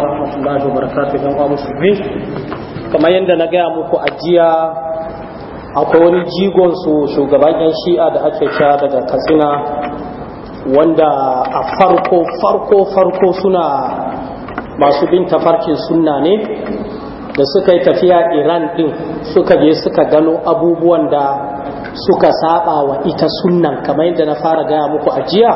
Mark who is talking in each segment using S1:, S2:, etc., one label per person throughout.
S1: warahmatullahi wabarakatuh dan uwa musulmi kamar yadda na gaya muku a jiya akwai wani jigon su shugaban yan shi'a da ake sha daga katsina wanda a farko farko farko suna masu bin tafarkin sunna ne da suka yi tafiya iran din suka je suka gano abubuwan da suka saba wa ita sunnan kamar yadda na fara gaya muku a jiya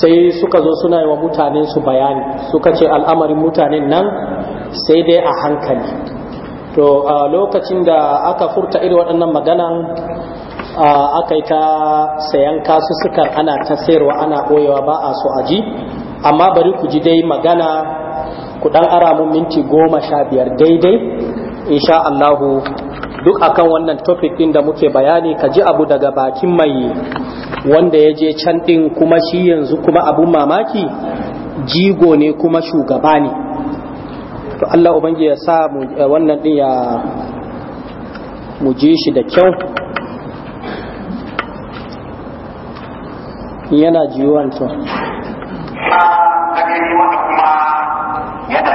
S1: sai suka zo suna yi wa mutane su bayani suka ce al'amarin mutanen nan sai dai a hankali to a lokacin da aka furta irin waɗannan maganan aka yi ta sayan kasussukan ana ta sayarwa ana ɓoyewa ba a so aji amma bari ku ji dai magana ku ɗan ara minti goma sha biyar daidai insha Allahu duk akan wannan topic din da muke bayani ka ji abu daga bakin mai wanda ya je can din kuma shi yanzu kuma abun mamaki jigo ne kuma shugaba ne to Allah ubangi ya sa eh, wannan din ya mu ji shi da kyau yana jiwon to kuma yana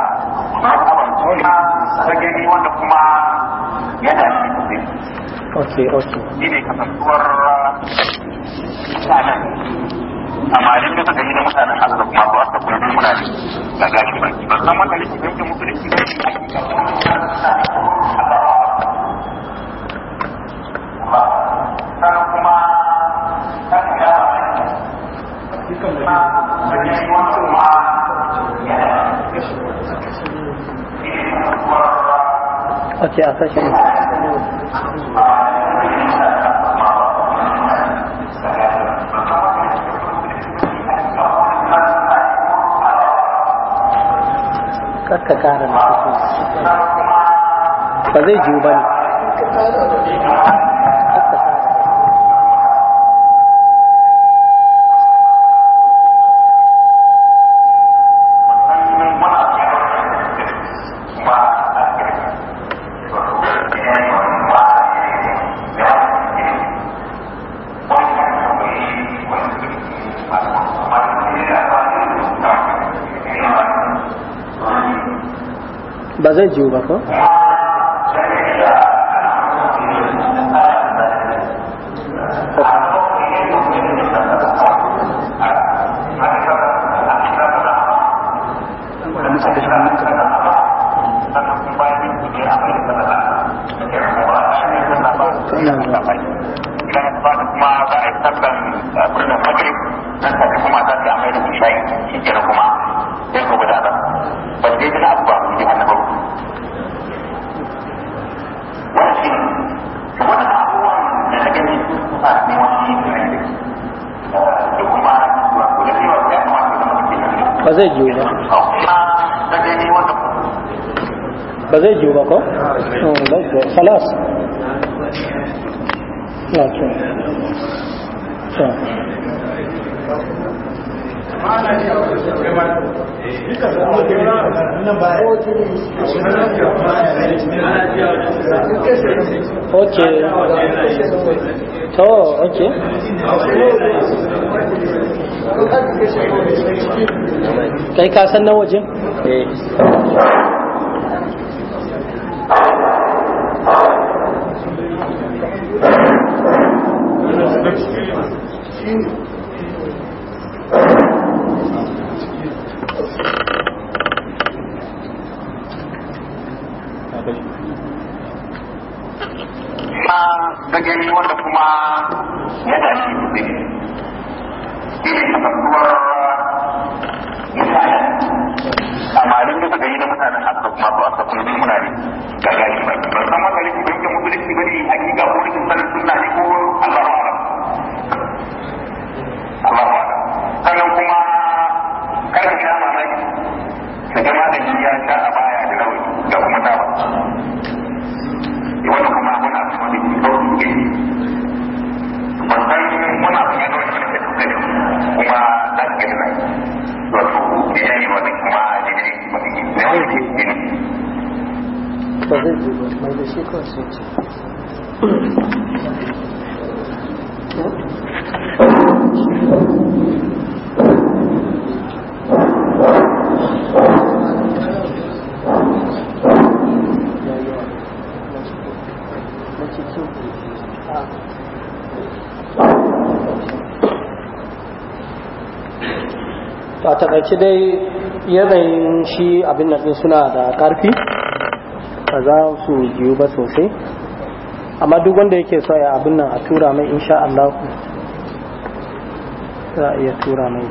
S2: kuma yana da kuɗi ok ok ne kasantuwar mutanen amma idan suka yi gidan mutanen Allah kuma ba su kuma muna ne gashi ba ba zama da yake yanke musulunci da yana a ce a kashe kakka kara na ba zai ji ba ne
S1: zai jiwu ba zai jiyo ba ba zai jiyo ba ko? salas
S2: hmm,
S1: To, kai ka san na wajen
S2: eh.
S1: to a takaice dai yanayin shi abin nan suna da ƙarfi ba za su jiyu ba sosai amma duk wanda yake so ya abin nan a tura mai insha Allah za a iya tura mai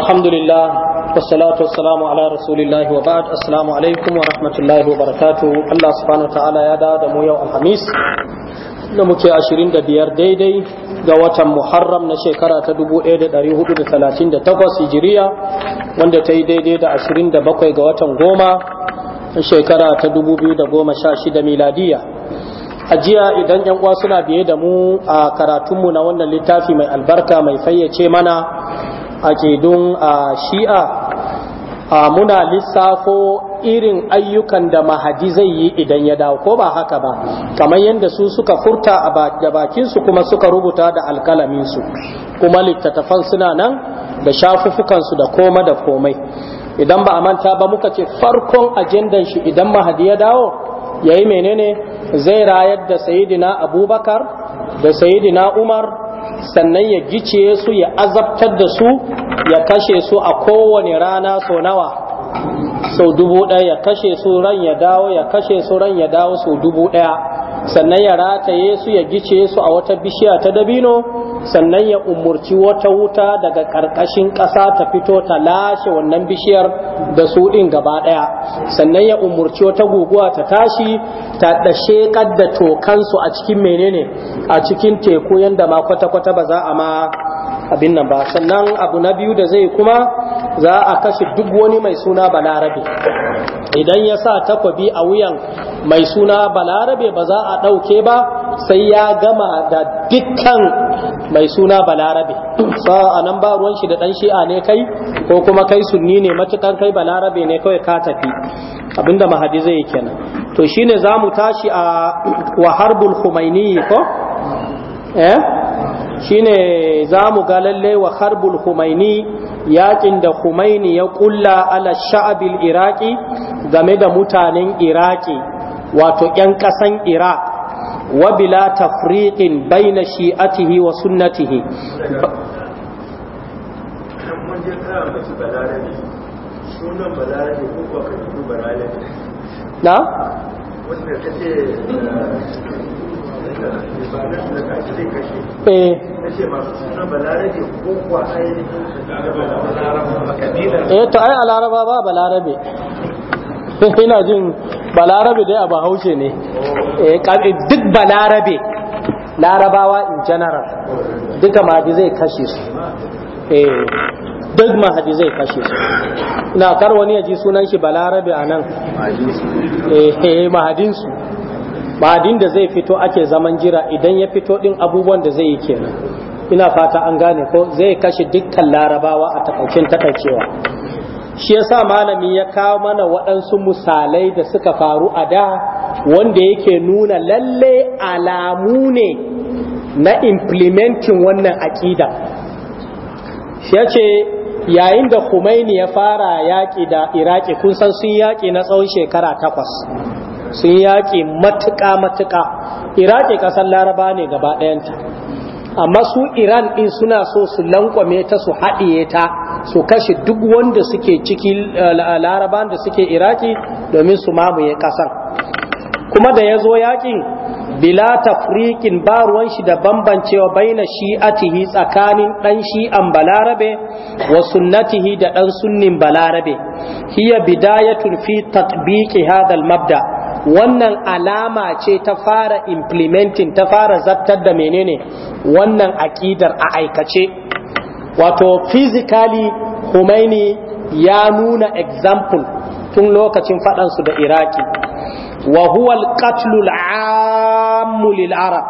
S1: alhamdulillah والصلاة والسلام على رسول الله وبعد السلام عليكم ورحمة الله وبركاته الله سبحانه وتعالى يدا دمو يوم الخميس نمكي عشرين دا ga watan Muharram na shekara ta 1438 Hijiriya wanda ta yi daidai da 27 ga watan goma na shekara ta 2016 miladiya a jiya idan yan uwa suna biye da mu a karatunmu na wannan littafi mai albarka mai fayyace mana a kedun a shi'a muna lissafo irin ayyukan da mahadi zai yi idan ya dawo ko ba haka ba kamar yadda su suka furta a da bakinsu kuma suka rubuta da su kuma littattafan suna nan da shafuffukansu da koma da komai idan ba a manta ba muka ce farkon ajendan shi idan mahadi ya dawo ya yi menene zai rayar da sayidina abubakar da sayidina umar sannan ya gice su ya azabtar da su ya kashe su a kowane rana so nawa sau dubu ɗaya ya kashe su ran ya dawo ya kashe su ran ya dawo sau dubu ɗaya sannan ya rataye su ya gice su a wata bishiya ta dabino sannan ya umurci wata wuta daga ƙarƙashin ƙasa ta fito ta lashe wannan bishiyar da su ɗin gaba ɗaya sannan ya umarci wata guguwa ta tashi ta ɗashe da tokansu a cikin menene a cikin teku yadda ma kwata-kwata ba za a ma abin nan ba sannan abu na biyu da zai kuma za a kashe duk wani mai suna balarabe idan ya sa takwabi a wuyan mai suna balarabe ba za a ɗauke ba sai ya gama da dukkan mai suna balarabe a nan ba ruwan shi da dan shi'a ne kai ko kuma kai sunni ne matukan kai balarabe ne kawai ka tafi abinda mahadi zai kenan to shine mu tashi a wa harbul khumaini ko eh shine zamu ga lalle wa harbul khumaini yakin da khumaini ya kulla ala sha'abil iraqi game da mutanen iraqi wato yan kasan iraq wa bila tafriqin baina shi'atihi wa sunnatihi
S2: na wanda eh. eh
S1: to ai a laraba ba balarabe ina jin balarabe dai a bahaushe ne eh, eh, duk balarabe larabawa in general duka mahadi zai kashe su eh, duk mahadi zai kashe su ina kar wani ya ji sunan shi balarabe a nan mahadinsu mahadin da zai fito ake zaman jira idan ya fito din abubuwan da zai yi kenan ina fata an gane ko zai kashe dukkan larabawa a takaicin takaicewa shi yasa malami ya kawo mana waɗansu misalai da suka faru a da wanda yake nuna lalle alamu ne na implementin wannan aƙida shi ya ce yayin da kumaini ya fara yaƙi da Iraƙi kun san sun yaƙi na tsawon shekara takwas sun yaƙi matuƙa matuƙa Iraƙi ƙasar laraba ne gaba ɗayanta amma su iran ɗin suna so su lankwame ta su haɗiye ta su kashe duk wanda suke ciki eh, laraban da suke iraki domin su mamaye ƙasar kuma da ya zo yakin bila tafrikin ba ruwan shi da bambancewa baina shi'atihi tsakanin ɗan shi'an balarabe wa sunnatihi da ɗan sunnin balarabe hiya bidayatun fi tatbiqi hadal mabda' wannan alama ce ta fara implementing ta fara zartar da menene wannan aƙidar a aikace wato physically humaini ya nuna example tun lokacin faɗansu da iraki wa huwa Amulil ammu lil arab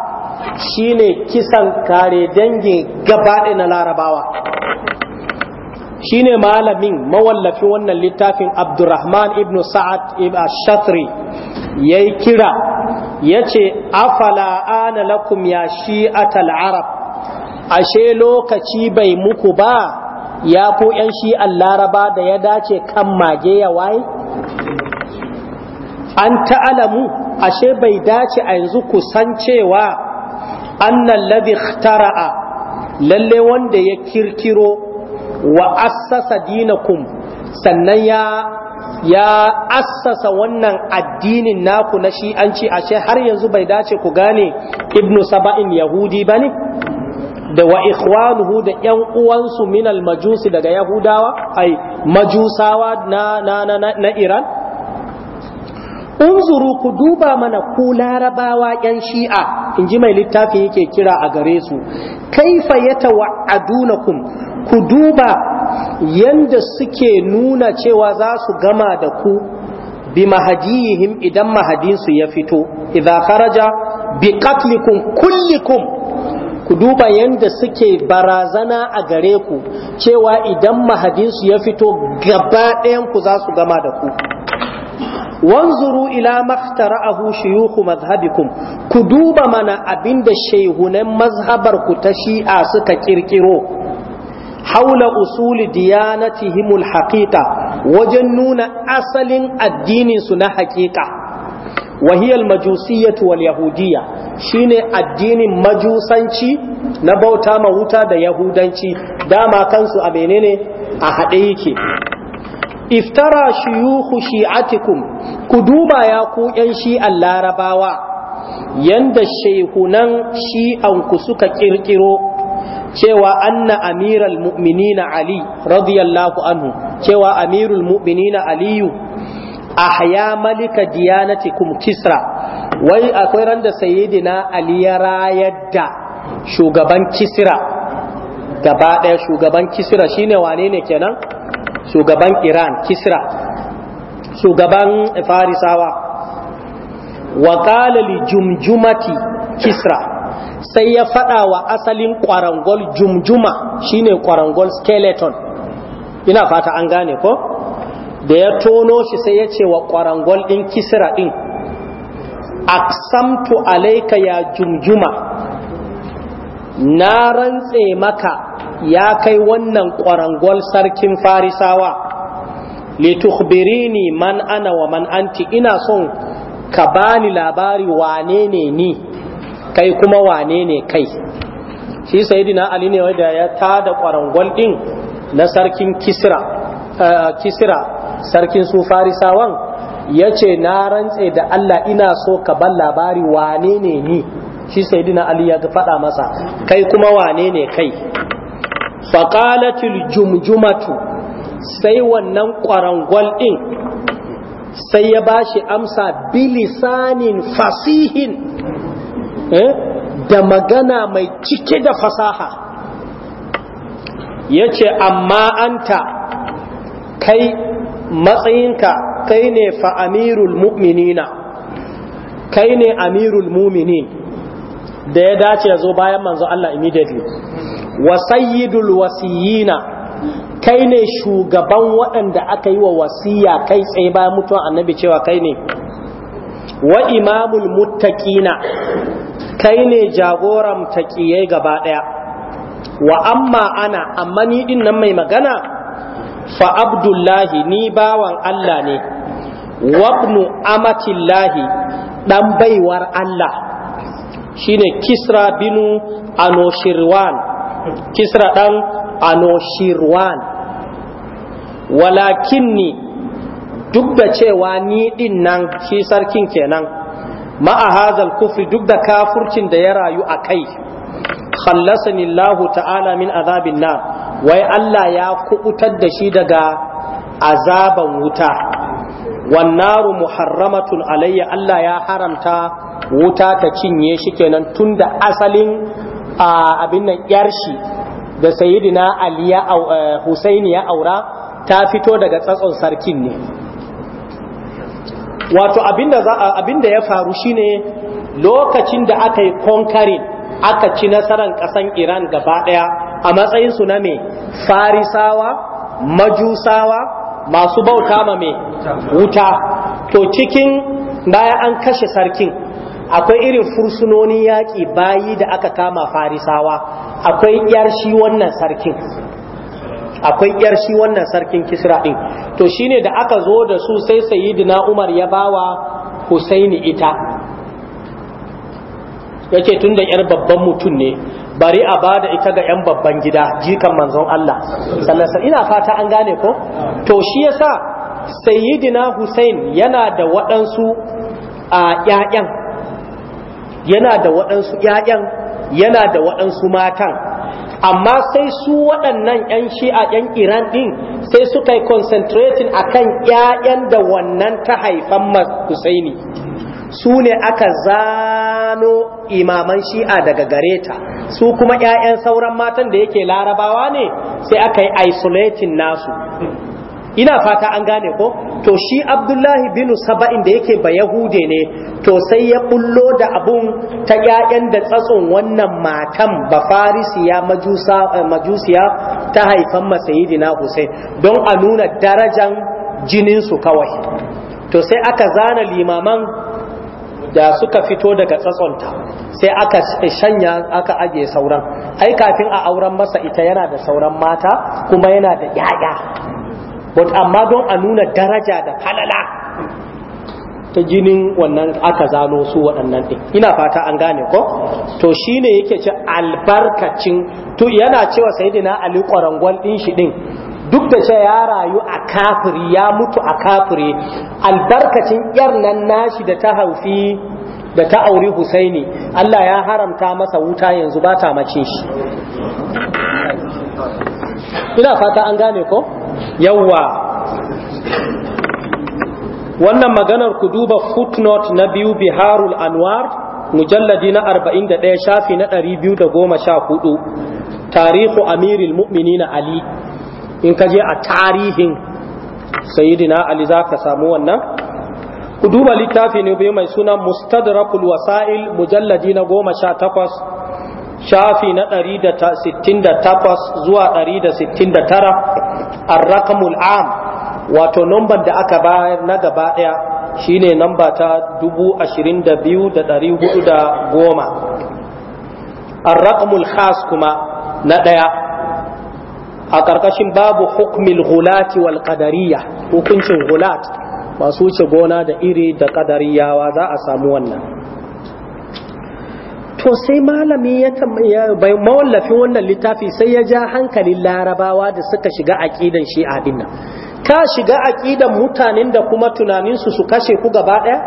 S1: shine kisan kare dangin gabaɗe na larabawa shine malamin mawallafin wannan littafin abdurrahman ibn sa'ad ibn shatri ya yi kira ya ce afala ana lakum ya shi'atal arab ashe lokaci bai muku ba ya ko 'yan shi'an laraba da ya dace kan mage ya waye an ta'alamu ashe bai dace a yanzu kusan cewa annan ladhi ikhtara'a lalle wanda ya kirkiro wa assasa dinakum sannan ya ya assasa wannan addinin naku na shi'anci ashe har yanzu bai dace ku gane ibnu saba'in yahudi bane da wa ikhwanuhu da yan uwansu minal majusi daga yahudawa ai majusawa na na na, na iran unzuru ku duba mana ku larabawa yan shi'a in ji mai littafin yake kira a gare su kaifa wa'adunakum ku duba yanda suke nuna cewa za su gama da ku bi mahadihim idan mahadinsu ya fito idza kharaja bi qatlikum kullikum ku duba yanda suke barazana a gare ku cewa idan mahadinsu ya fito gaba ɗayan ku za su gama da ku wanzuru ila makhtara'ahu shuyukhu madhhabikum ku duba mana abinda shehunan mazhabar ku ta shi'a suka kirkiro haula usuli himul haqiqa wajen nuna asalin addininsu na haqiqa wahiyal majusiyatu wal yahudiyya shine addinin majusanci na bauta ma wuta da yahudanci dama kansu a menene a haɗe yake iftara shiyuhu shi'atikum ku duba ya ku yan shi'an larabawa yanda shehunan shi'anku suka ƙirƙiro. cewa anna amiral mu'minina ali radiyallahu anhu cewa amirul mu'minina aliyu ahya malika diyanatikum kisra wai akwai randa sayidina sayyidina ali ya rayar da shugaban kisra gaba ɗaya shugaban kisra shine wane ne kenan shugaban iran kisra shugaban farisawa wa qala li jumjumati kisra sai ya faɗawa wa asalin kwarangol jumjuma shine kwarangol skeleton ina fata an gane ko da ya tono shi sai ya ce wa kwarangol ɗin kisira ɗin aksamtu alaika ya jumjuma na rantse maka ya kai wannan kwarangol sarkin farisawa litukhbirini man ana wa man anti ina son ka bani labari wane ne ni kai kuma wane ne kai shi sayidina ali ne wanda ya tada kwarangwal din na sarkin kisra kisra sarkin su farisawan ya ce na rantse da allah ina so ka ban labari wane ne ni shi sayidina ali ya faɗa masa kai kuma wane ne kai faƙalatul jumjumatu sai wannan kwarangwal din sai ya bashi amsa bilisanin fasihin Eh? da magana mai cike da fasaha ya ce amma anta kai matsayinka kai ne fa amirul mu'minina kai ne amirul mu’mini da ya dace ya zo bayan manzo Allah immediately wa sayyidul wasiyina kai ne shugaban waɗanda aka yi wa wasiya kai tsaye bayan mutuwa annabi cewa kai ne wa imamul muttaqina kai ne jagoran taqiyai gaba daya wa amma ana amma ni din nan mai magana fa abdullahi ni bawan Allah ne wabnu amatillahi dan baiwar Allah shine kisra binu anoshirwan kisra dan anoshirwan walakinni duk da cewa ni din nan shi sarkin kenan ma'a hazal kufri duk da kafurcin da ya rayu a kai khallasani ta'ala min azabin nar wai Allah ya kubutar da shi daga azaban wuta wannaru muharramatun alayya Allah ya haramta wuta ta cinye shi kenan tunda asalin abin nan yar shi da sayyidina Ali ya eh, Husaini ya aura ta fito daga tsatson sarkin ne wato abinda za ya faru shine lokacin da aka yi konkarin aka ci nasarar kasan Iran gaba daya a matsayin su na me farisawa majusawa masu bauta ma mai wuta to cikin bayan an kashe sarkin akwai irin fursunonin yaƙi bayi da aka kama farisawa akwai yar shi wannan sarkin akwai yar shi wannan sarkin kisra ɗin to shine da aka zo da su sai sayyidina umar ya bawa husaini ita tun da yar babban mutum ne bari a ba da ita ga yan babban gida jikan manzon Allah ina fata an gane ko to shi yasa sayyidina husain yana da waɗansu a ƴaƴan yana da waɗansu ƴaƴan yana da waɗansu matan amma sai su waɗannan 'yan shi'a 'yan iran ɗin sai suka yi concentrating a kan 'ya'yan da wannan ta haifan husaini su ne aka zano imaman shi'a daga gareta su kuma 'ya'yan sauran matan da yake larabawa ne sai aka yi isolating nasu ina fata an gane ko to shi abdullahi bin saba'in da yake ba yahude ne to sai ya bullo da abun ta 'ya'yan da tsatson wannan matan ba farisiya majusa eh, majusiya ta haifan masayidina Hussein don a nuna darajan jinin su kawai to sai aka zana limaman da suka fito daga tsatsonta sai aka shanya aka aje sauran ai kafin a auren masa ita yana da sauran mata kuma yana da yaya but amma don a nuna daraja da falala ta jinin wannan aka zano su waɗannan ɗin ina fata an gane ko to shine yake ce albarkacin to yana cewa saidina ali ƙwarangwal ɗin shi ɗin duk da ce ya rayu a kafiri ya mutu a kafiri albarkacin yar nan nashi da ta haufi da ta auri husaini Allah ya haramta masa wuta yanzu ba ta macin shi ina fata an gane ko yawwa wannan maganar ku duba footnote na biyu biharul anwar mujalladi na 41 shafi na 214 tarihu amiril mu'minina ali in ka je a tarihin sayyidina ali za ka samu wannan ku duba littafi ne biyu mai suna mustadrakul wasa'il mujalladi na 18 shafi na 168 zuwa 169 arrakamul am wato namban da aka bayar na gaba ɗaya shine namba ta dubu ashirin da biyu da ɗari hudu da goma arrakamul khas kuma na ɗaya a ƙarƙashin babu hukmil gulati wal ƙadariya hukuncin gulat masu wuce gona da iri da ƙadariyawa za a samu wannan to sai malami ya mawallafin wannan littafi sai ya ja hankalin larabawa da suka shiga aƙidan shi'a din nan ka shiga aƙidan mutanen da kuma tunaninsu su kashe ku gaba ɗaya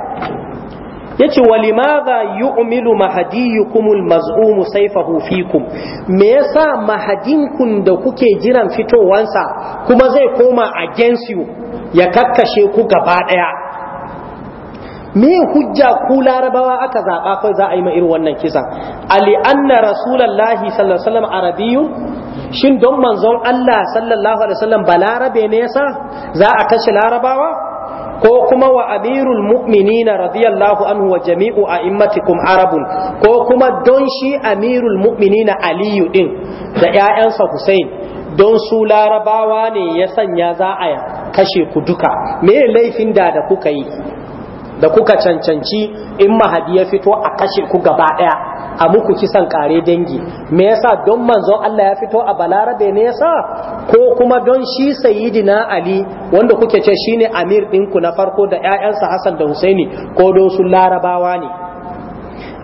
S1: yace walimadha yu'milu mahadiyukumul maz'umu sayfahu fikum me yasa mahadinkun da kuke jiran fitowansa kuma zai koma against you ya kakkashe ku gaba ɗaya? me hujja ku larabawa aka zaɓa kai za a yi ma irin wannan kisan ali anna rasulallahi sallallahu alaihi wasallam arabiyyu shin don manzon Allah sallallahu alaihi wasallam balarabe ne yasa za a kashe larabawa ko kuma wa amirul mu'minina radiyallahu anhu wa jami'u a'immatikum arabun ko kuma don shi amirul mu'minina aliyu din da ƴaƴansa Hussein don su larabawa ne ya sanya za a kashe ku duka me laifin da da kuka yi da kuka cancanci in mahadi ya fito a kashe ku gaba daya a muku kisan kare dangi me yasa don manzon Allah ya fito a balarabe ne yasa ko kuma don shi sayyidina ali wanda kuke ce shine amir ɗinku na farko da ƴaƴansa Hassan da Husaini ko don su larabawa ne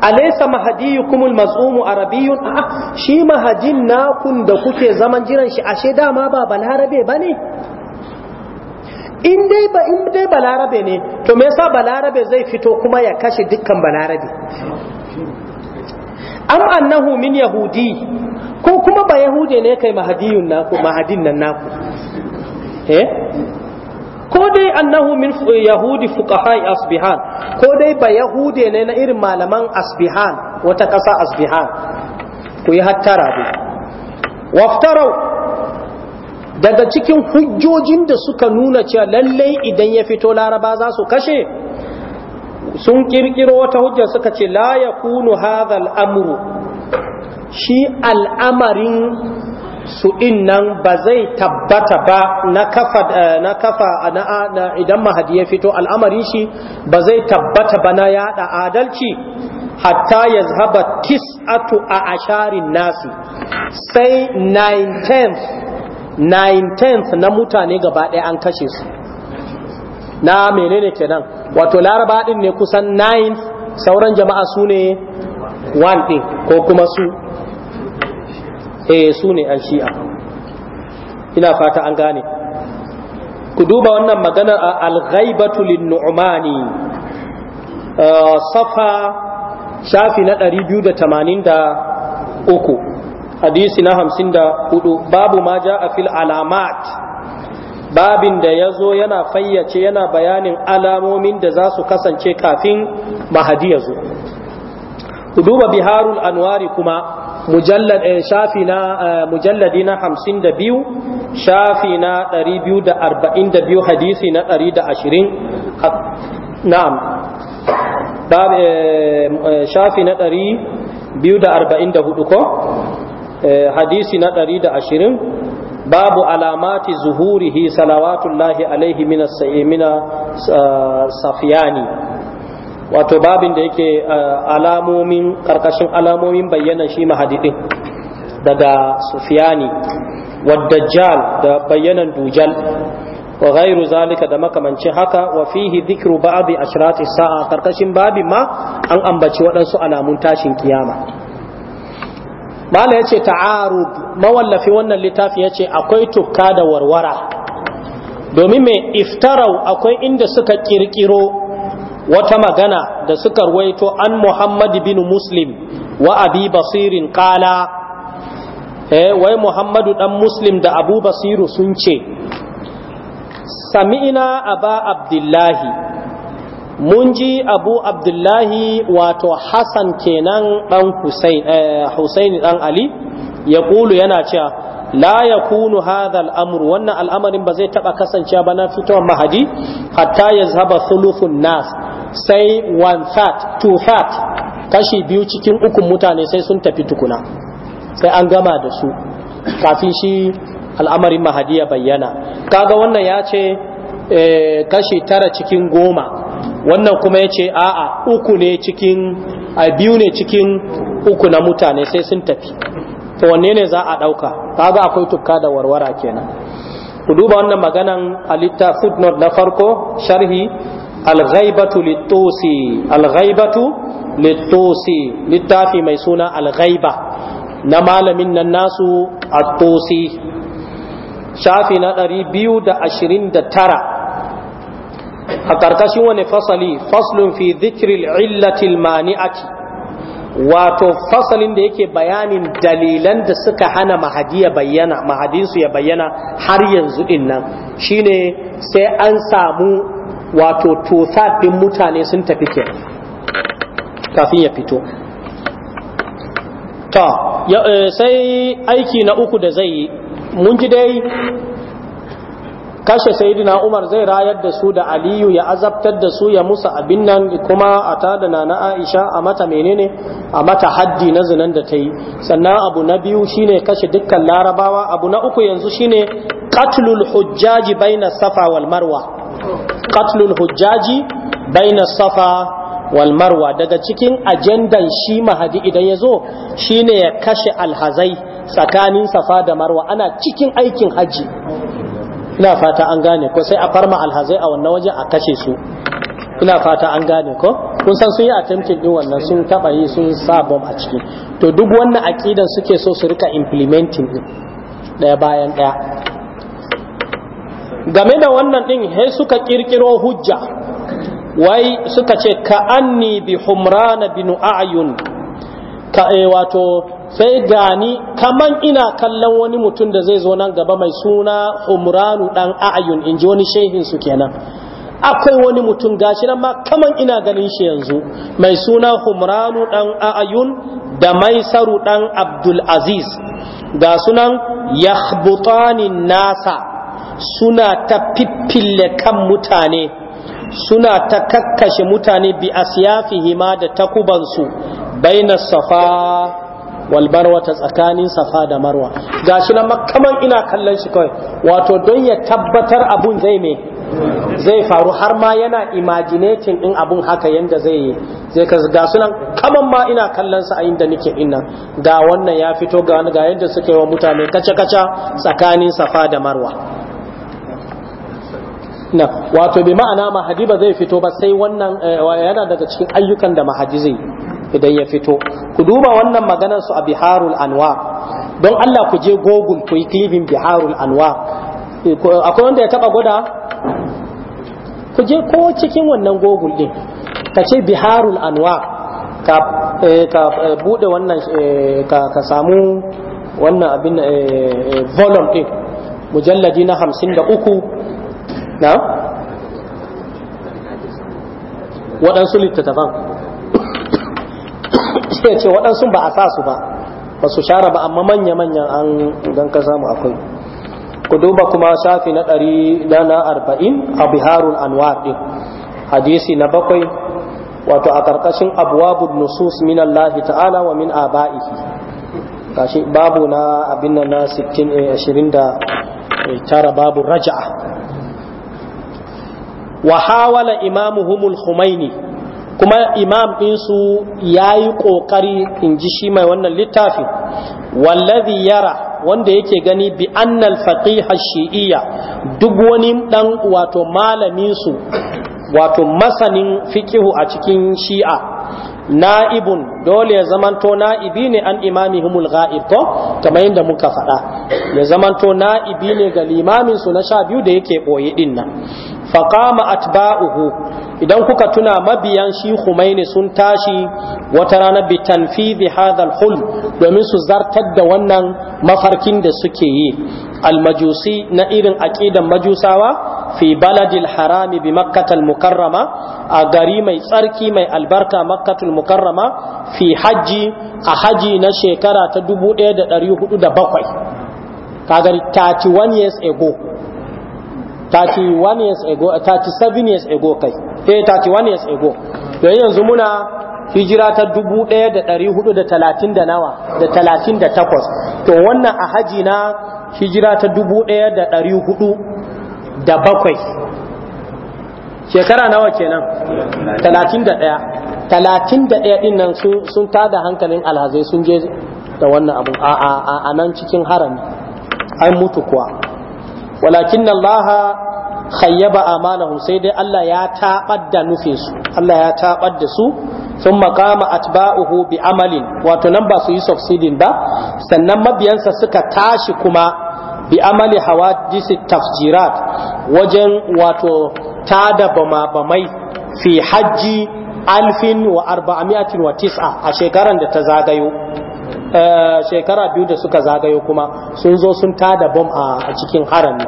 S1: alaysa mahadiyukum almaz'um arabiyyun a shi mahadin nakun da kuke zaman jiran shi ashe dama ba balarabe bane in dai ba in dai balarabe ne to me yasa balarabe zai fito kuma ya kashe dukkan balarabe am annahu min yahudi ko kuma ba yahude ne kai mahadiyun naku mahadin nan naku eh ko dai annahu min eh, yahudi fuqahai asbihan ko dai ba yahude ne na irin malaman asbihan wata kasa asbihan ku yi hattara dai waftarau daga cikin hujjojin da suka nuna cewa lallai idan ya fito laraba za su kashe sun kirkiro wata hujja suka ce la ya kunu hadha al'amuru shi al'amarin su nan ba zai tabbata ba na kafa na kafa na idan mahadi ya fito al'amarin shi ba zai tabbata ba na yada adalci hatta ya zaba tis'atu a asharin nasi sai 9 tenths 9 na mutane gaba ɗaya an kashe su na menene kenan wato laraba ɗin ne kusan 9 sauran jama'a su ne one ɗin ko kuma su eh su ne an shi'a ina fata an gane ku duba wannan maganar a alghaibatu lin-nu'mani eh, safa shafi na 283 hadisi na hamsin da hudu babu ma ja a fil alamat babin da ya zo yana fayyace yana bayanin alamomin da za su kasance kafin mahadi ya zo duba biharul anwari kuma eh, shafi na eh, mujalladi na hamsin da biyu shafi na ɗari biyu da arba'in da biyu hadisi na ɗari da ashirin na'am eh, shafi na ɗari biyu da arba'in da hudu ko Eh, hadisi na 120 babu alamati zuhurihi salawatullahi alaihi mina safiyani wato babin da yake eh, alamomin karkashin alamomin bayyana shi mahadidin daga sufiyani Waddajjal da bayyanan dujal wa ghairu zalika da makamancin haka wa fihi dhikru ba'd ashrati sa'a karkashin babi ma an ambaci waɗansu alamun tashin kiyama mala yace ta'arud mawallafi wannan littafi yace akwai tukka da warwara domin mai iftarau akwai inda suka kirkiro wata magana da suka ruwaito an Muhammad bin Muslim wa Abi Basirin kala eh wai Muhammadu dan Muslim da Abu Basiru sun ce sami'ina aba Abdullahi mun ji abu abdullahi wato hassan kenan dan husaini eh, dan ali ya kulu yana cewa la ya kunu hadha al'amur wannan al'amarin ba zai taɓa kasancewa ba na fitowar mahadi hatta ya zaba thuluthun nas sai one third two third kashi biyu cikin uku mutane sai sun tafi tukuna sai an gama da su kafin shi al'amarin mahadi ya bayyana kaga wannan ya ce eh, kashi tara cikin goma wannan kuma ya ce a'a uku ne cikin a biyu ne cikin uku na mutane sai sun tafi to wanne ne za a ɗauka kaga akwai tukka da warwara kenan ku duba wannan maganan a footnote na farko sharhi alghaibatu littusi alghaibatu littafi mai suna alghaiba na malamin nan nasu at shafi na 229 a ƙarƙashin wani fasali faslun fi zikirin illatil mani'ati wato fasalin da yake bayanin dalilan da suka hana mahadi ya bayyana mahadinsu ya bayyana har yanzu din nan shine sai an samu wato tosafin mutane sun tafi ke kafin ya fito ta eh, sai aiki na uku da zai yi mun ji dai kashe sayyidina Umar zai rayar da su da Aliyu ya azabtar da su ya musa abin nan kuma a tada na na Aisha a mata menene a mata haddi na zinan da ta yi sannan abu na biyu shine kashe dukkan larabawa abu na uku yanzu shine katlul hujjaji baina safa wal marwa qatlul hujjaji baina safa wal marwa daga cikin ajendan shi mahadi idan ya zo shine ya kashe alhazai tsakanin safa da marwa ana cikin aikin hajji ina fata an gane ko sai a farma alhazai a wannan waje a kashe su ina fata an gane ko kun san sun yi attempting din wannan sun taba yi sun sa bom a ciki to duk wannan aqidan suke so su rika implementing din daya bayan daya game da wannan din sai suka kirkiro hujja wai suka ce ka anni bi humrana bin a'yun ka eh, wato sai gani kaman ina kallon wani mutum da zai zo nan gaba mai suna umranu dan ayun in ji wani shehin su kenan akwai wani mutum gashi nan ma kaman ina ganin shi yanzu mai suna umranu dan ayun da maisaru dan abdul aziz ga sunan yahbutani nasa suna ta fiffille kan mutane suna ta kakkashe mutane bi asyafihima da takubansu bainas safa walbarwa ta tsakanin safa da marwa ga shi nan makaman ina kallon shi kawai wato don ya tabbatar abun zai me zai faru har ma yana imaginating din abun haka yanda zai yi zai ka ga sunan kaman ma ina kallon sa a inda nake inna ga wannan ya fito ga wani ga yanda suke wa mutane kace kace tsakanin safa da marwa na wato bi ma'ana mahadi ba zai fito ba sai wannan eh, yana daga cikin ayyukan da mahajizi idan ya fito ku duba wannan maganar su a biharul anwa don Allah ku je google ku yi clipping biharul anwa akwai wanda ya taba gwada ku je ko cikin wannan google din ka ce biharul anwa ka eh, ka eh, bude wannan eh, ka samu wannan abin volume din mujalladi na hamsin uku na waɗansu littattafan sai ce waɗansu ba a sa su ba ba su share ba amma manya-manyan an gan ka samu akwai ku duba kuma shafi na ɗari na arba'in a biharun anwar ɗin hadisi na bakwai wato a ƙarƙashin abuwabud nusus min Allah ta'ala wa min aba'ihi babu na abin nan na 20 eh, da eh, tara babu raja'a wa hawala humul khumaini kuma imam ɗinsu ya yi ƙoƙari in ji shi mai wannan littafi wallazi yara wanda yake gani bi annal faqiha shi'iyya duk wani dan wato malaminsu wato masanin fikihu a cikin shi'a na'ibun dole ya zamanto na'ibi ne an imamihumul ghaib ko kamar yadda muka faɗa ya zamanto na'ibi ne ga limaminsu na sha biyu da yake ɓoye ɗin nan faqama atba'uhu idan kuka tuna mabiyan shi Khumaini sun tashi wata rana bi tanfidhi hadha hulm domin su zartar da wannan mafarkin da suke yi al almajusi na irin aqidan majusawa fi baladil harami bi makkatal mukarrama a gari mai tsarki mai albarka makkatul mukarrama fi Haji a haji na shekara ta 1407 kagari 31 years ago 31 years ago 37 uh, years ago kai eh 31 years ago to yanzu muna hijira ta 1430 da nawa da 38 to wannan a haji na hijira ta 1407 shekara nawa kenan
S2: 31
S1: talatin da ɗaya ɗin nan sun tada hankalin alhazai sun je da wannan abu a nan cikin harami ai mutu kuwa walakin Allah khayyaba amalahum sai dai Allah ya tabar da su Allah ya tabar sun makama atba'uhu bi amalin wato nan ba su yi succeeding ba sannan mabiyansa suka tashi kuma bi amali hawadisi tafjirat wajen wato tada bama bamai fi hajji alfin wa arba'amiyatin wa tis'a a shekarar da ta zagayo Eh, shekara biyu da suka zagayo kuma sun zo sun tada bom a cikin harami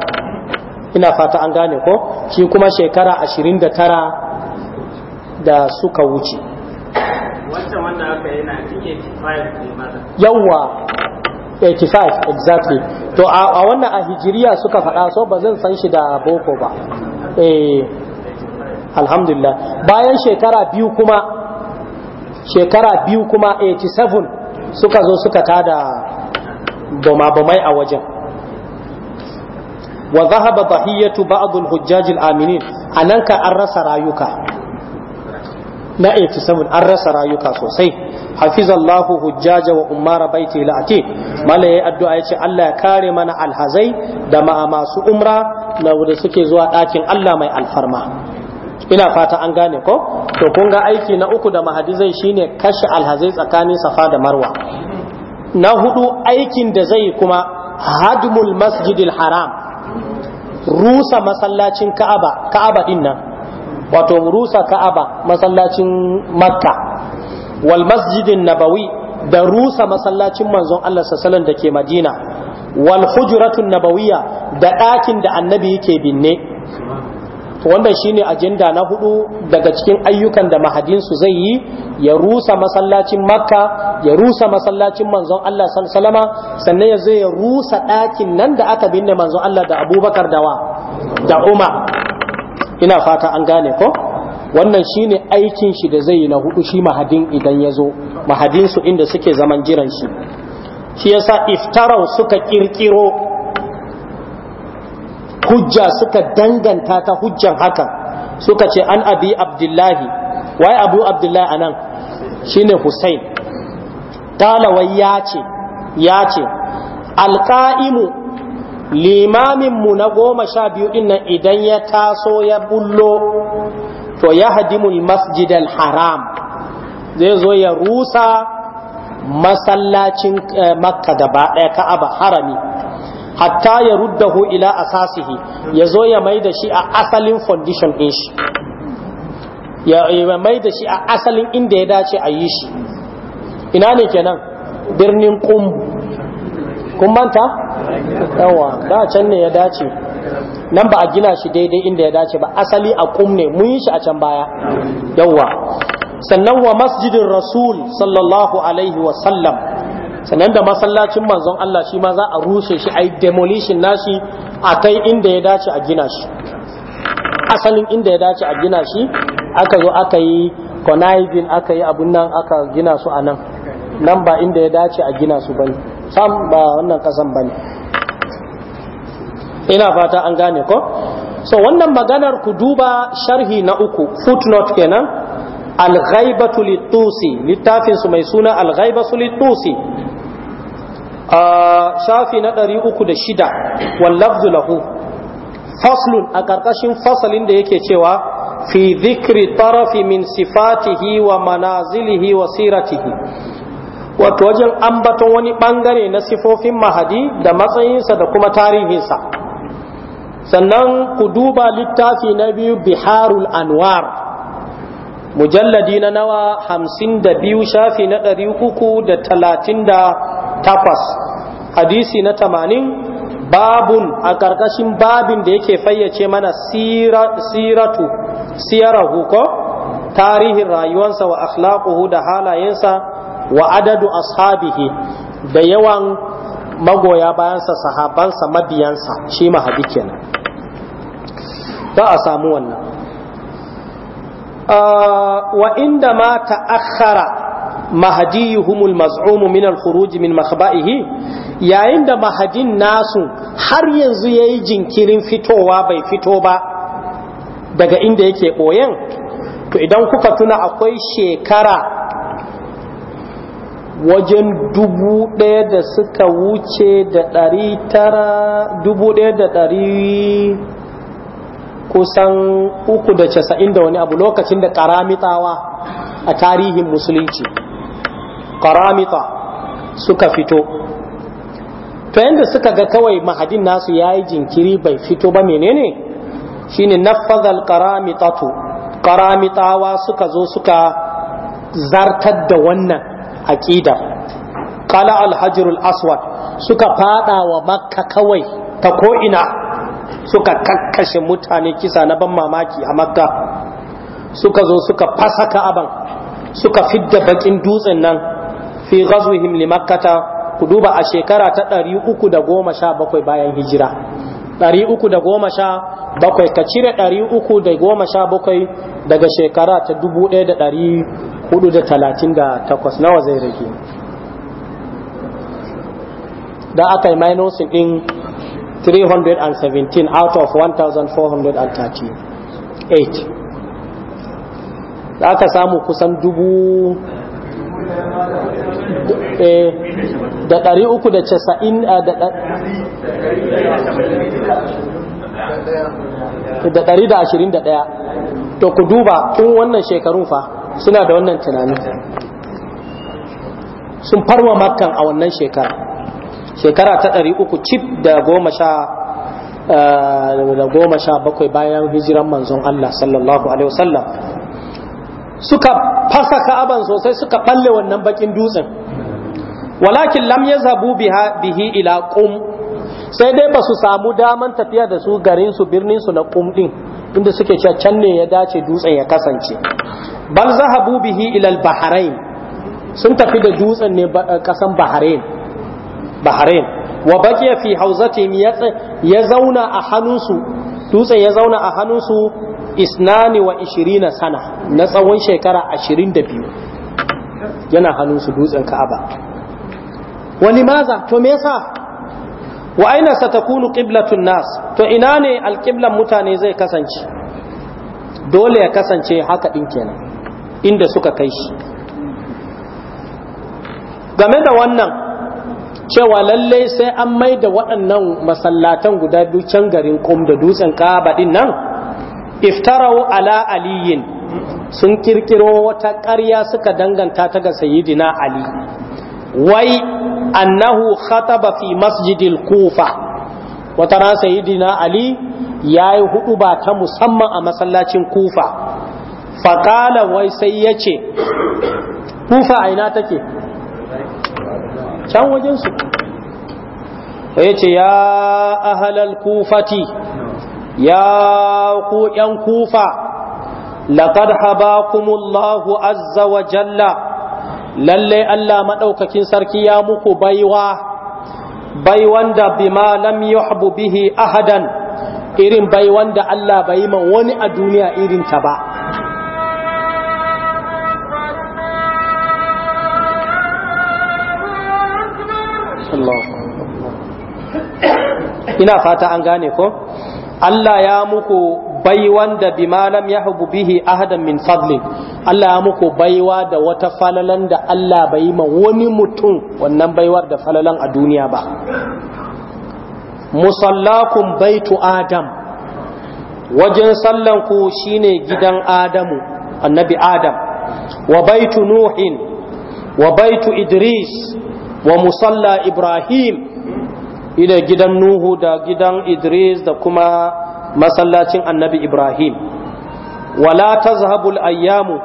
S1: ina fata an gane ko shi kuma shekara ashirin da tara da suka wuce yawwa 85 exactly to a wannan a hijiriya suka fada so ba zan san shi da boko ba eh alhamdulillah bayan shekara biyu kuma shekara biyu kuma 87 suka zo suka tada bama-bamai a wajen wa zahaba bahiyyatu ba'dul hujjajil aminin anan ka an rasa rayuka na 87 an rasa rayuka sosai hafizallahu hujjaja wa umara baiti la'ati mala yayi addu'a yace Allah ya kare mana alhazai da ma'amasu masu umra da suke zuwa dakin Allah mai alfarma ina fata an gane ko to kun ga aiki na uku da mahadizai shine kashe alhazai tsakanin safa da marwa na hudu aikin da zai kuma hadmul masjidil haram rusa masallacin ka'aba ka'aba din nan wato rusa ka'aba masallacin makka wal masjidin nabawi da rusa masallacin manzon Allah sallallahu da ke madina wal hujratun nabawiyya da ɗakin da annabi yake binne to shine ajenda na hudu daga cikin ayyukan da mahadinsu zai yi ya rusa masallacin makka ya rusa masallacin manzon Allah sallama sannan ya zai ya rusa ɗakin nan da aka binne manzon Allah da abubakar dawa da umar ina fata an gane ko wannan shine aikin shi da zai yi na hudu shi mahadin idan ya zo mahadinsu inda suke zaman jiran shi shi yasa iftarau suka kirkiro hujja suka danganta ta hujjan haka suka ce an abi abdullahi wai abu abdullahi anan shine Hussein talawai ya ce ya ce alƙa'imu limaminmu na goma sha biyu dinnan idan ya taso ya bullo to ya hadimul masjidal haram zai zo ya rusa masallacin eh, makka gaba ɗaya ka'aba harami hatta ya ruddahu ila asasihi ya zo ya mai da shi a asalin foundation ɗin shi ya mai da shi a asalin inda ya dace a yi shi ina ne kenan birnin kum kun manta yawa da can ne ya dace nan ba a gina shi daidai inda ya dace ba asali a kum ne mun yi shi a can baya yawa sannan wa masjidin rasul sallallahu alaihi wa sallam sannan da masallacin manzon Allah shi ma za a rushe shi a yi demolition nashi a kai inda ya dace a gina shi asalin inda ya dace a gina shi aka zo aka yi conniving aka yi abun nan aka gina su a nan nan ba inda ya dace a gina su bane sam ba wannan kasan bane ina fata an gane ko so wannan maganar ku duba sharhi na uku footnote kenan
S2: al-ghaibatu
S1: Littusi, tusi littafin su mai suna al-ghaibatu Littusi. a shafi na da shida wa lahu faslun a ƙarƙashin fasalin da yake cewa fi zikri tarafi min sifatihi wa manazilihi wa siratihi wato wajen ambaton wani ɓangare na sifofin mahadi da matsayinsa da kuma tarihinsa sannan ku duba littafi na biyu biharul anwar mujalladi na nawa hamsin da biyu shafi na ɗari uku da talatin da takwas hadisi na tamanin babun a ƙarƙashin babin da yake fayyace mana siratu siyarahu ko tarihin rayuwansa wa akhlaquhu da halayensa wa adadu ashabihi da yawan magoya bayansa sahabansa mabiyansa shi mahadi kenan Ba a samu wannan ah, wa inda ma akhara mahadiyuhumul maz'umu min al-khuruj min makhba'ihi yayin da mahadin nasu har yanzu yayi jinkirin fitowa bai fito ba daga inda yake koyen to idan kuka tuna akwai shekara wajen dubu ɗaya da suka wuce da ɗari tara dubu ɗaya da ɗari kusan uku da casa'in da wani abu lokacin da ƙaramitawa a tarihin musulunci qaramita suka fito to yadda suka ga kawai mahadin nasu yayi jinkiri bai fito ba menene shine nafazal ƙaramitsatu ƙaramitsawa suka zo suka zartar da wannan aƙida kala al aswad suka fada wa makka kawai ta ko ina suka kakkashe mutane kisa na ban mamaki a makka suka zo suka fasa ka'aban suka fidda bakin dutsen nan fi ghazwihim li makkata ku duba a shekara ta 317 bayan hijira 317 ka cire 317 daga shekara ta 1438 nawa zai rage da aka yi minus din 317 out of 1438 da aka samu kusan dubu Eh, da ɗari uku da casa'in da ɗari da ashirin da ɗaya to ku duba tun wannan shekarun fa suna da wannan tunani sun farwa makkan a wannan shekara shekara ta ɗari uku cif da goma sha eh, da goma sha bakwai bayan hijiran manzon Allah sallallahu alaihi wasallam suka fasa ka'aban sosai suka balle wannan bakin dutsen walakin lam yazhabu biha bihi ila qum sai dai ba su samu daman tafiya da su garin su birnin su na qum din inda suke cewa can ne ya dace dutsen ya kasance bal zahabu bihi ila al-bahrain sun tafi da dutsen ne kasan bahrain bahrain wa baqiya fi hawzatihim ya zauna a hannunsu dutsen ya zauna a hannunsu isnani wa ishirina sana na tsawon shekara ashirin da biyu yana hannun su dutsen ka'aba wani maza to me yasa wa aina satakunu qiblatun nas to ina ne alqiblan mutane zai kasance dole ya kasance haka din kenan inda suka kai shi game da wannan cewa lallai sai an mai da waɗannan masallatan guda biyu can garin kom da dutsen kaba din nan iftarau ala aliyin sun kirkiro wata ƙarya suka danganta ta ga sayyidina ali wai annahu khataba fi masjidil kufa wata ran sayyidina ali yayi hudu ba ta musamman a masallacin kufa faqala wai sai yace kufa aina take can wajen su yace ya ahalal kufati ya ku ‘yan kufa, laƙar habakumullahu azza wa jalla, lallai Allah maɗaukakin sarki ya muku baiwa, baiwan da bima lam yuhbu bihi ahadan, irin baiwan da Allah bai man wani a duniya irin ta ba. Ina fata an gane ko? Allah ya muku baiwan da bi malam yahbu bihi ahadan min fadlin. Allah ya muku baiwa da wata falalan da Allah bai ma wani mutum wannan baiwar da falalan a duniya ba Musallakun baitu adam wajen sallanku shine gidan adamu annabi adam wa baitu nuhin wa baitu idris wa musalla ibrahim ida gidan nuhu da gidan idris da kuma masallacin annabi ibrahim wala tazhabul ayyamu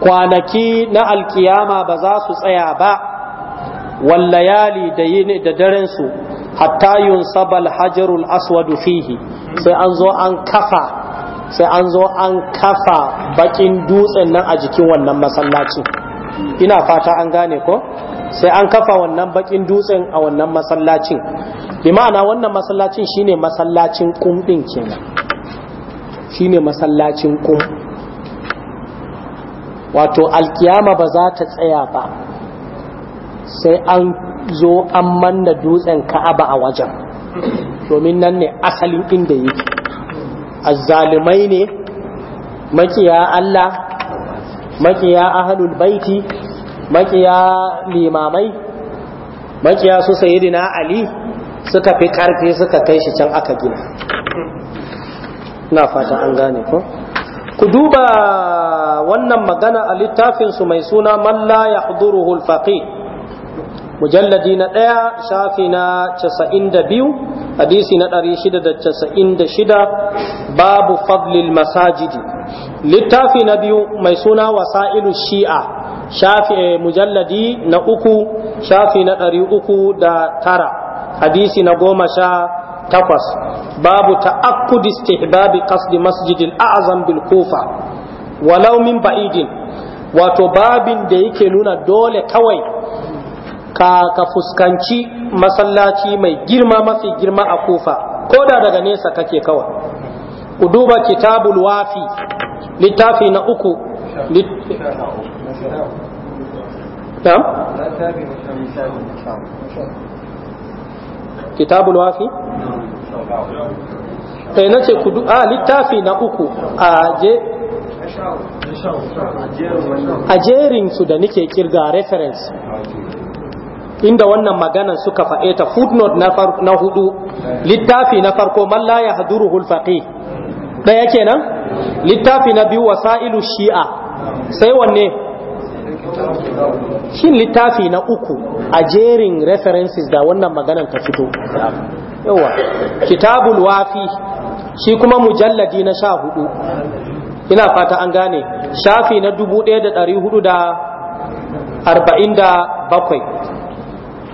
S1: kwanaki na alkiyama ba za su tsaya ba wallayali da yini da daren su hatta yunsabal hajarul aswadu fihi sai an zo an kafa sai an zo an kafa bakin dutsen nan a jikin wannan masallacin ina fata an gane ko sai an kafa wannan bakin dutsen a wannan masallacin bi ma'ana wannan masallacin shine masallacin kum din kenan shine masallacin kum wato alkiyama ba za ta tsaya ba sai an zo an manna dutsen ka'aba a wajen domin nan ne asalin inda yake azzalimai ne makiya Allah makiya ahlul baiti makiya limamai makiya su sayyidina ali suka fi karfi suka kai shi can aka gina na fata an gane ko ku duba wannan magana a littafin su mai suna man la yahduruhu al mujalladi na ɗaya shafi na casa'in da biyu hadisi na ɗari shida da casa'in da shida babu fadlil masajidi littafi na biyu mai suna wasa'ilu shi'a shafi eh, mujalladi na uku shafi na ɗari uku da tara hadisi na goma sha takwas babu ta istihbabi qasdi masjidin a'zam bil kufa walau min ba'idin wato babin da yake nuna dole kawai ka ka fuskanci masallaci mai girma mafi girma a kufa ko da daga nesa kake kawai ku duba kitabul wafi
S2: littafi na
S1: uku kitabul wafi
S2: sai eh, yi nace ku a ah, littafi
S1: na uku a je
S2: a jerin
S1: su da nike kirga reference inda wannan magana suka faɗe ta footnote na hudu littafi na farko mallaya haduru yahduruhu ɗaya kenan littafi na biyu wasa'ilu shi'a sai wanne shin littafi na uku a jerin references da wannan maganan ta fito yawa kitabul wafi shi kuma mujalladi na sha hudu ina fata an gane shafi na dubu ɗaya da dari hudu da arba'in da bakwai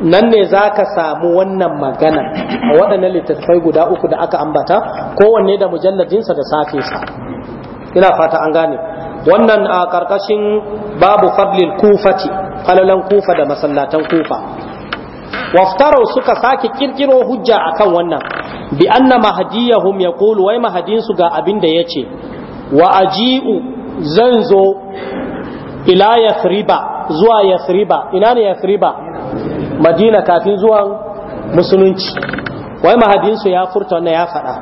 S1: nan ne za ka samu wannan magana a waɗannan littattafai guda uku da aka ambata kowanne da mujalladinsa da safe sa ina fata an gane wannan a ƙarƙashin babu fadlil kufati falalan kufa da masallatan kufa waftarau suka sake ƙirƙiro hujja a kan wannan bi anna mahdiyahum yaqulu wai mahadinsu ga abin da yace wa aji'u zan zo ila yathriba zuwa yathriba ina ne yathriba madina kafin zuwan musulunci wai mahadinsu ya furta wannan ya faɗa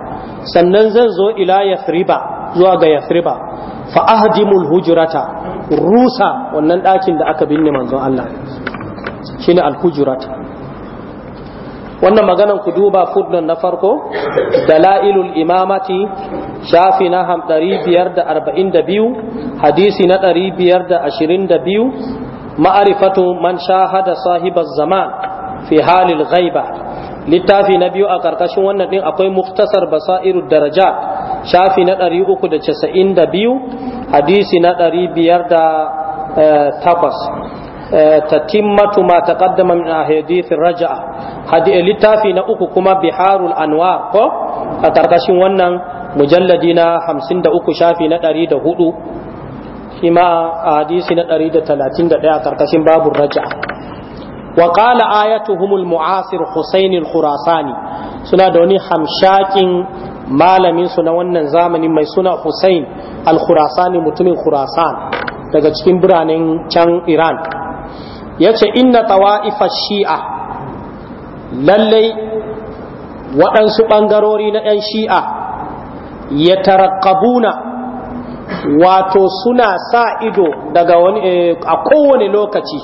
S1: sannan zan zo ila yathriba zuwa ga yathriba fa ahdimul hujurata rusa wannan ɗakin da aka binne manzon Allah shine al wannan maganan ku duba fudnan na farko dalailul imamati shafi na 542 hadisi na 522 ma'arifatu man shahada sahibar zaman fi halil ghaiba littafi na biyu a ƙarƙashin wannan ɗin akwai muktasar basairu daraja shafi na ɗari uku da casa'in da biyu hadisi na ɗari biyar da eh, takwas eh, ta timmatu ma ta ƙaddama min ahadithin raja'a hadi eh, littafi na uku kuma biharul anwa ko a ƙarƙashin wannan mujalladi na hamsin da uku shafi na ɗari da hudu shi ma a hadisi na 131 a karkashin babu raja Wakala qala ayatuhumul mu'asir husain al suna da wani hamshakin malamin su na wannan zamani mai suna husain al-khurasani mutumin Kurasan daga cikin biranen can iran yace inna tawa'ifa shi'a lallai waɗansu ɓangarori na 'yan shi'a ya tarakabuna wato suna sa ido daga wani eh, a kowane lokaci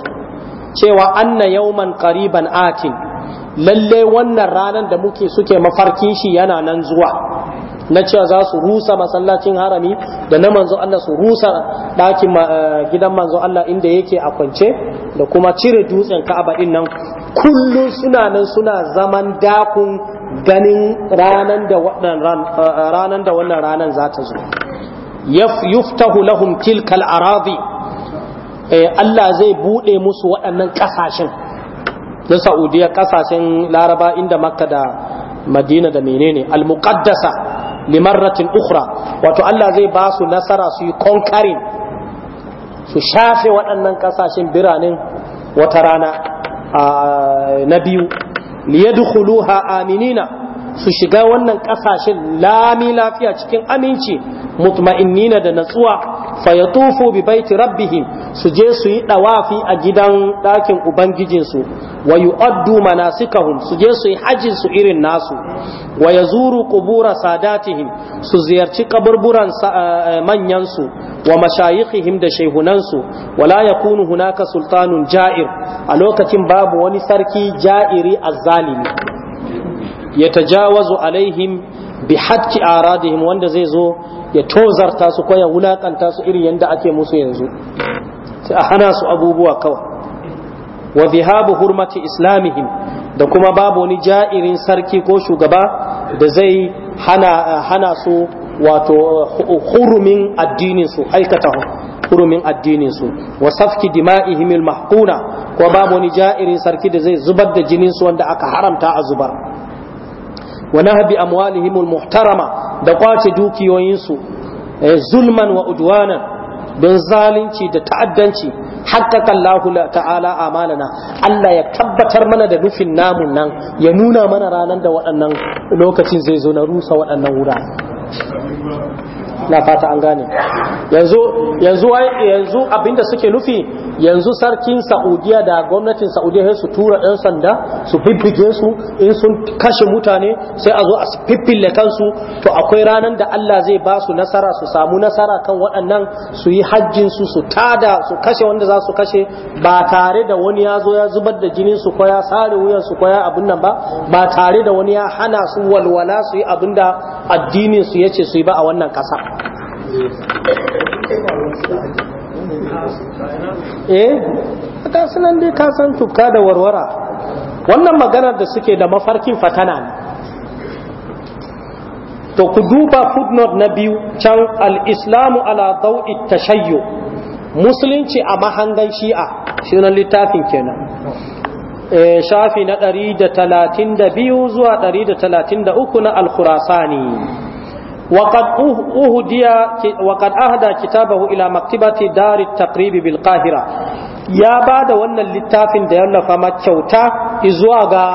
S1: cewa anna yauman qariban atin lalle wannan ranan da muke suke mafarkin shi yana nan zuwa na cewa za su rusa masallacin harami da na manzo Allah su rusa ɗakin eh, gidan manzo Allah inda yake a kwance da kuma cire dutsen Ka'aba din nan kullum suna nan suna zaman dakun ganin ranan da eh, wannan ranan za ta zo yuftahu lahum tilkal aradi eh, Allah zai buɗe musu waɗannan ƙasashen na Saudiya ƙasashen Laraba inda Makka da Madina da menene al-muqaddasa limarratin ukhra wato Allah zai ba su nasara su yi konkarin, su shafe waɗannan ƙasashen biranen wata rana na biyu liyadkhuluha aminina su shiga wannan kasashen lami lafiya cikin aminci mutma'innina da natsuwa fa tufu bi baiti rabbihim su je su yi dawafi a gidan ɗakin ubangijinsu wa yu'addu manasikahum su je su yi hajjin su irin nasu wa yazuru qubura sadatihim su ziyarci kaburburan eh, manyan su wa mashayikhihim da shehunan su wala yakunu hunaka sultanun ja'ir a lokacin babu wani sarki ja'iri azzalimi ya tajawazu alaihim bi hakki aradihim wanda zai zo ya tozarta su ko ya wulakanta su irin yadda ake musu yanzu sai a hana su abubuwa kawai wa zihabu hurmati islamihim da kuma babu wani ja'irin sarki ko shugaba da zai hana hana su wato hurumin addinin su aikata hurumin addinin su wa safki dima'ihim al-mahquna ko babu wani ja'irin sarki da zai zubar da jinin su wanda aka haramta a zubar wa nahbi amwalihim almuhtarama da kwace dukiyoyinsu eh, zulman wa udwanan don zalunci da ta'addanci haqqaqa Allah ta'ala amalana Allah ya tabbatar mana da nufin namun nan ya nuna mana ranar da waɗannan lokacin zai zo na rusa waɗannan wura. na fata an gane yanzu yanzu yanzu abinda suke nufi yanzu sarkin Saudiya da gwamnatin Saudiya su tura ɗan sanda su fiffike su in sun kashe mutane sai a zo a fiffille kansu to akwai ranar da Allah zai ba su nasara su samu nasara kan waɗannan su yi hajjin su su tada su kashe wanda za su kashe ba tare da wani ya zo ya zubar da jinin su ko ya sare wuyan su ko ya abin nan ba ba tare da wani ya hana su walwala su yi abin da addinin su yace su yi ba a wannan kasa. eh ka sunan dai ka san tukka da warwara wannan maganar da suke da mafarkin fatana ne to ku duba footnote na biyu can al-islamu ala dawi tashayyu musulunci a mahangan shi'a shi na littafin kenan eh, shafi na 132 zuwa 133 na al ne. وقد أهدى كتابه إلى مكتبة دار التقريب بالقاهرة يا بعد وأن اللتافين ديالنا فما تشوتا إزواغا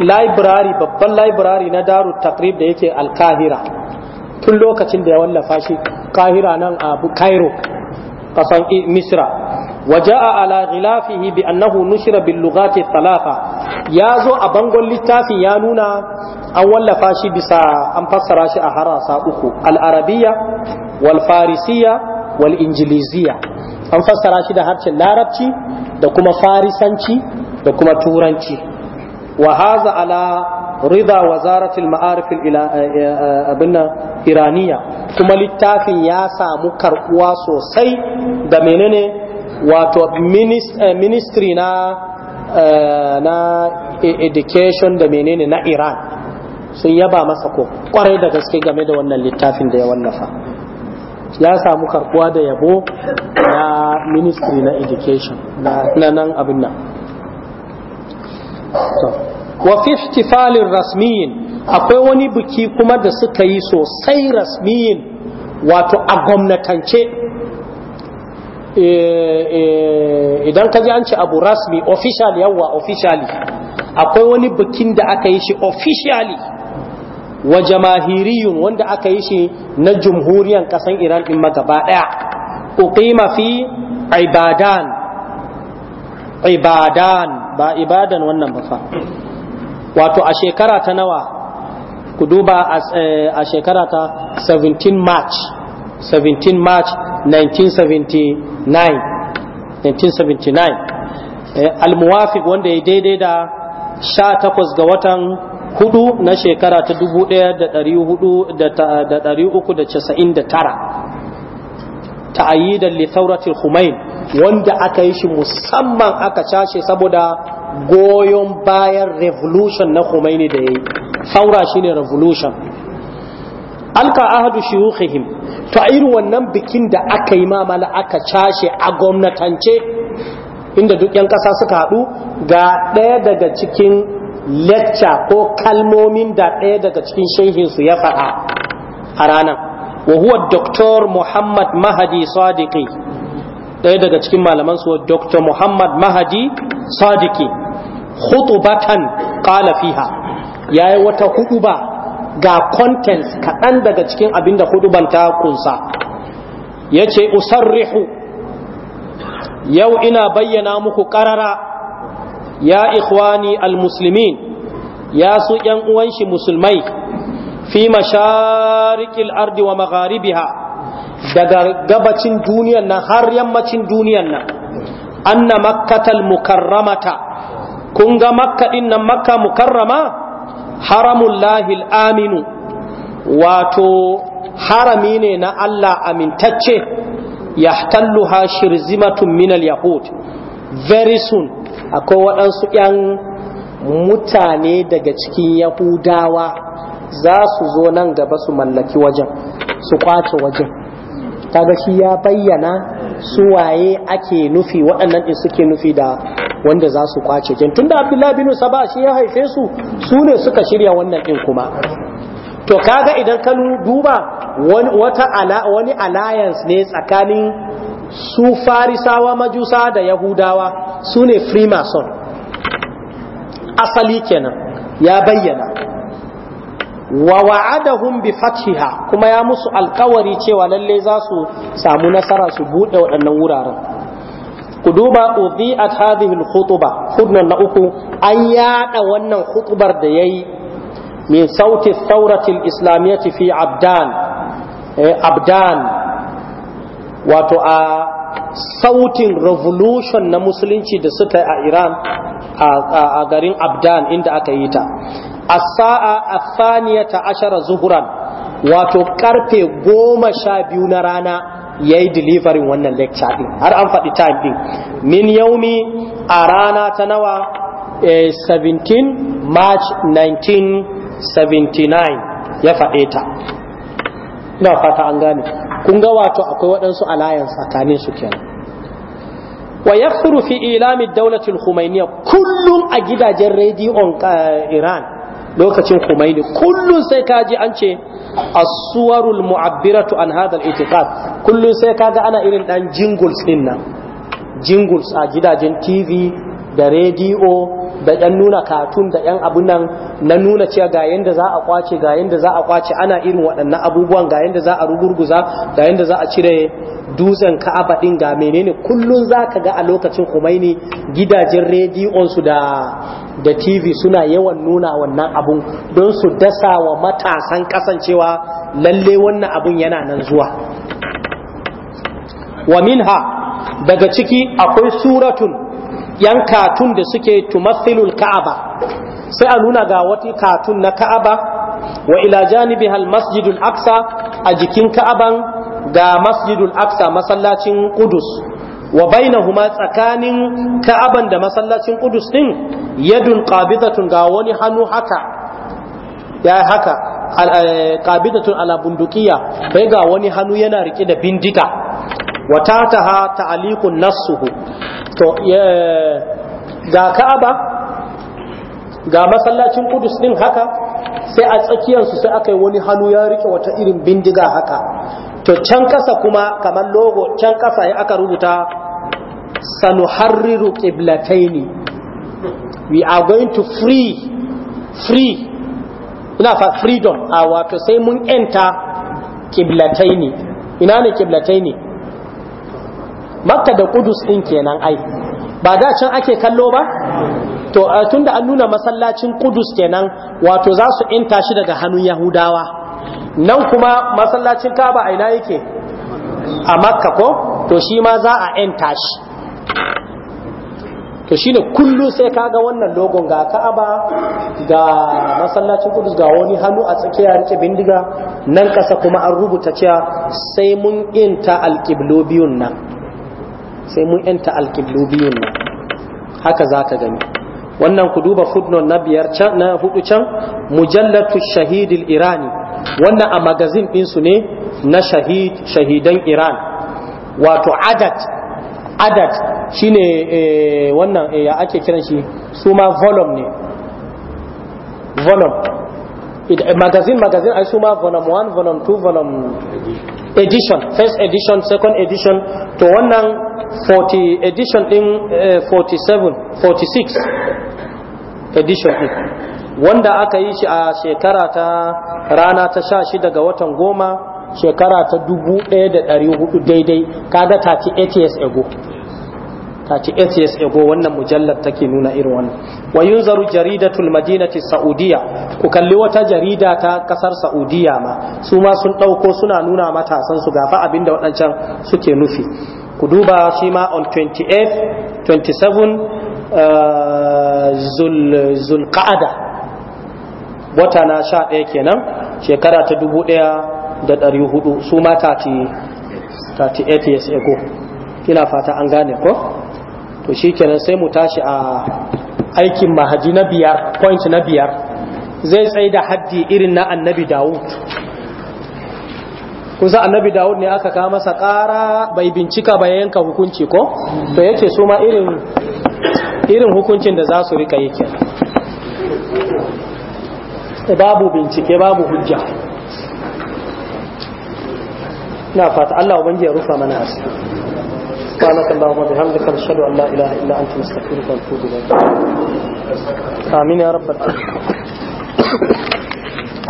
S1: library babban library na daru takrib da yake alkahira tun lokacin da ya wallafa shi kahira nan a cairo kasan misra waja'a ala ghilafihi bi annahu nushira bil lughati ya zo a bangon littafin ya nuna an wallafa shi bisa an fassara shi a harasa uku al'arabiya wal farisiya wal injiliziya an fassara shi da harshen larabci da kuma farisanci da kuma turanci wa haza ala rida wazaratul ma'arifil eh, eh, eh, abinna iraniya kuma littafin ya samu karbuwa sosai da menene wato ministry na e-, education da menene na iran sun yaba masa ko kwarai da gaske game da wannan littafin da ya wallafa ya samu karbuwa da yabo na ministry na education na nan abin nan wa fiftifalin rasmiyin akwai wani biki kuma da suka yi sosai rasmiyin wato a gwamnatance eh, eh, idan ka ji an ce abu rasmi official yawa officially akwai wani bikin da aka yi shi officially wa jamahiriyun wanda aka yi shi na jamhuriyar kasan iran din magaba daya uqima fi ibadan ibadan ba ibadan wannan ba fa wato a shekara ta nawa ku duba a eh, shekara ta 17 march 17 march 1979 1979 eh, al-muwafiq wanda ya daidai da sha takwas ga watan hudu na shekara ta dubu ta da ɗari da tara lithauratul humain wanda aka yi shi musamman aka cashe saboda goyon bayan revolution na humaini da ya yi saura shine revolution alka ahadu shiyukhihim to a irin wannan bikin da aka yi mamala aka cashe a gwamnatance inda duk yan kasa suka haɗu ga ɗaya daga cikin lecture ko kalmomin da ɗaya daga cikin shehinsu ya faɗa a ranar wa huwa Dr. Muhammad Mahadi Sadiqi ɗaya daga cikin malaman su Dr. Muhammad Mahadi Sadiqi khutubatan qala fiha yayi wata huduba ga contents kaɗan daga cikin abinda huduban ta kunsa yace usarrihu yau ina bayyana muku ƙarara ya ikhwani almuslimin ya su yan uwanshi musulmai fi masharikil ardi wa magharibiha daga gabacin duniyan nan har yammacin duniyan nan anna makkatal mukarramata kun ga makka din nan makka mukarrama haramullahi aminu wato harami ne na Allah amintacce yahtalluha shirzimatun minal yahud very soon akwai waɗansu 'yan mutane daga cikin yahudawa za su zo nan gaba su mallaki wajen su kwace wajen ga shi ya bayyana su waye ake nufi waɗannan in suke nufi da wanda za su kwace jin tunda abdullahi bin saba shi ya haife su su ne suka shirya wannan ɗin kuma to kaga idan ka duba wani wani alliance ne tsakanin su farisawa majusa da yahudawa su ne freemason asali kenan ya bayyana wa wa'adahum bi fathiha kuma ya musu alkawari cewa lalle za su samu nasara su buɗe waɗannan wuraren ku duba udhi'at hadhihi al-khutba khudnan na uku an yada wannan khutbar da yayi min sauti sauratil al-islamiyyati fi abdan eh, abdan wato a sautin revolution na musulunci da suka yi a iran a garin abdan inda aka yi ta a sa'a a faniya ta ashara zuhuran wato karfe goma sha biyu na rana ya yi deliverin wannan lecture har an faɗi time ɗin, min yaumi a rana ta nawa 17 eh, march 1979 ya faɗe ta na fata an gane kun ga wato akwai waɗansu alayan tsakanin su kenan wa ya fi ilami daulatin khumainiyya kullum a gidajen rediyon eh, Iran lokacin Khomeini kullum sai kaji an ce asuwarul mu'abbiratu an hadha al-i'tiqad kullum sai kaga ana irin dan jingles din nan jingles a gidajen TV da rediyo da yan nuna katun da yan abun nan na nuna cewa ga yanda za a kwace ga yanda za a kwace ana irin waɗannan abubuwan ga yanda za a rugurguza ga yanda za a cire dutsen ka'aba din ga menene kullun zaka ga a lokacin Khomeini gidajen rediyon da TV suna yawan nuna wannan abun don su dasa wa matasan kasancewa lalle wannan abun yana nan zuwa wa minha daga ciki akwai suratun yan katun da suke tumathilul ka'aba sai a nuna ga wata katun na ka'aba wa ila hal masjidul aqsa a jikin ka'aban ga masjidul aqsa masallacin kudus wa bainahuma tsakanin ka'aban da masallacin kudus din yadun qabidatun ga wani hannu haka ya haka eh, qabidatun ala bundukiya bai ga wani hannu yana rike da bindiga wa tataha ta'aliqun nassuhu to ga ka'aba ga masallacin kudus din haka sai a tsakiyarsu sai aka yi wani hannu ya rike wata irin bindiga haka to can kasa kuma kamar logo can kasa ya aka rubuta harriru qiblataini we are going to free free ina fa freedom a wato sai mun enta qiblataini ina ne qiblataini makka da kudus din kenan ai ba da can ake kallo ba to eh, tunda an nuna masallacin kudus kenan wato za su inta shi daga hannun yahudawa nan kuma masallacin kaba a ina yake a makka ko to shi ma za a inta shi to shi ne kullu sai kaga wannan logon ga Ka'aba ga masallacin Kudus ga wani hannu a tsakiya rike bindiga nan kasa kuma an rubuta cewa sai mun inta alkiblo biyun nan sai mun yanta alƙiblu biyun nan haka za ta gani wannan ku duba footnote na biyar can na hudu can mujallatu shahidil irani wannan a magazin din su ne na shahid shahidan iran wato adad adad shine eh, wannan eh, ya ake kiran shi su ma volume ne volume magazin magazin ai su ma volume 1 volume 2 volume edition first edition second edition to wannan 40 edition din 47 eh, 46 edition din wanda aka yi shi a shekara ta rana ta sha shi daga watan goma shekara ta 1400 daidai kaga 38 years ago ce years ago wannan mujallar take nuna irin wannan wa yunzaru jaridatul madinati saudiya ku kalli wata jarida ta kasar saudiya ma su ma sun dauko suna nuna matasan su gafa abinda waɗancan suke nufi ku duba shi ma on 28 27 eh, zul zulqa'ada wata na sha ɗaya kenan shekara ta dubu ɗaya da ɗari hudu su ma 38 years ago kina fata an gane ko to shi kenan sai mu tashi a aikin mahaji na biyar point na biyar zai tsaye da haddi irin na annabi dawud kusa annabi dawud ne aka kama masa ƙara bai bincika ba yanka hukunci ko to yake su ma irin irin hukuncin da za su rika yake babu bincike babu hujja na fata Allah ubangi ya rufa mana asiri سبحانك اللهم وبحمدك نشهد ان لا اله
S2: الا انت نستغفرك ونتوب اليك امين يا رب العالمين